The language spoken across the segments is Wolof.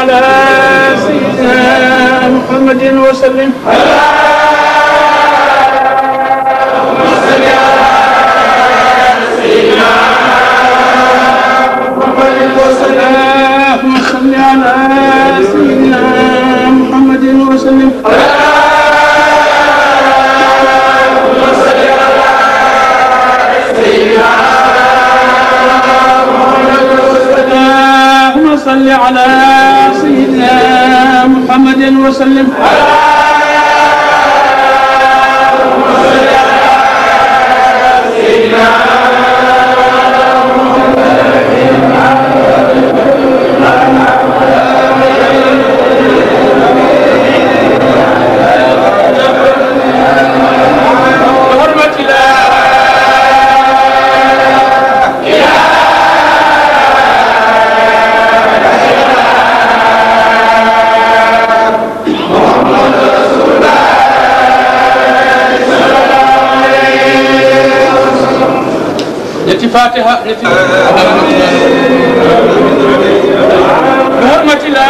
على سيدنا محمد وسلم اللهم صل على سيدنا محمد وسلم اللهم صل على سيدنا محمد وسلم اللهم صل على سيدنا محمد وسلم اللهم صل على وسلم اللهم صل سورة فاتحة التي بحرمة لا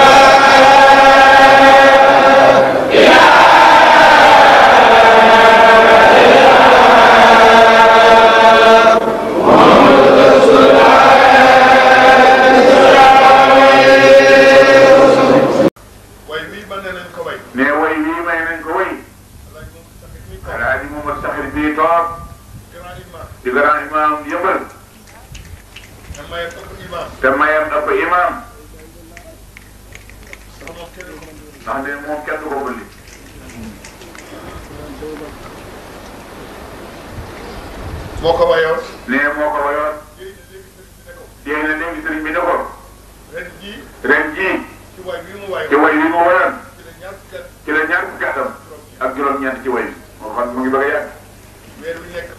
Alhaji Muhammad Sakhir Bitok di grand imam yëmbal iya, te yang dapat imam ndax ne moom kenn du ko bëndi moo ko wayoon ne moo ko Dia yéen a léegi Renji. Renji? ne ko ren Kira ci way wi mu Kira ci la ñaar gàttam ak juróom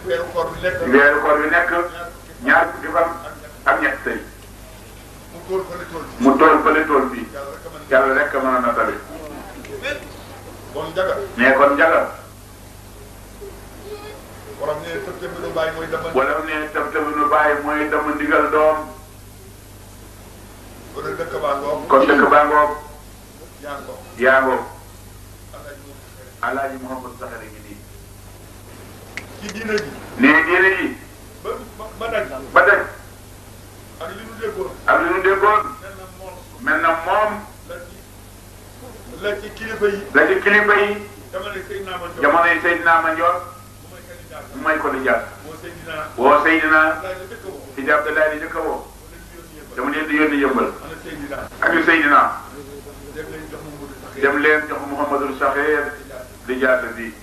weeru koor bi nekk. weeru nekk ñaar fukki fan mu tool fële tool mu tool fële tool bi yàlla rek mën a natale. kon njaga. mais kon njaga. waram ne tëb tëb nu bàyyi mooy dama. wala ne tëb tëb nu bàyyi ci diine ji. lii diine yi. ba ba daj. ba daj. ak li ñu déggoon. na moom. la ci kilifa yi. la ci kilifa yi. jamonoy Seydina Mandior. jamonoy Seydina Mandior. mu may ko di jaar. woo Seydina. woo Seydina. ci jàpp daal di njëkk a woo. dama di yónni yëmbal. ak yu Seydina. dem di jaar di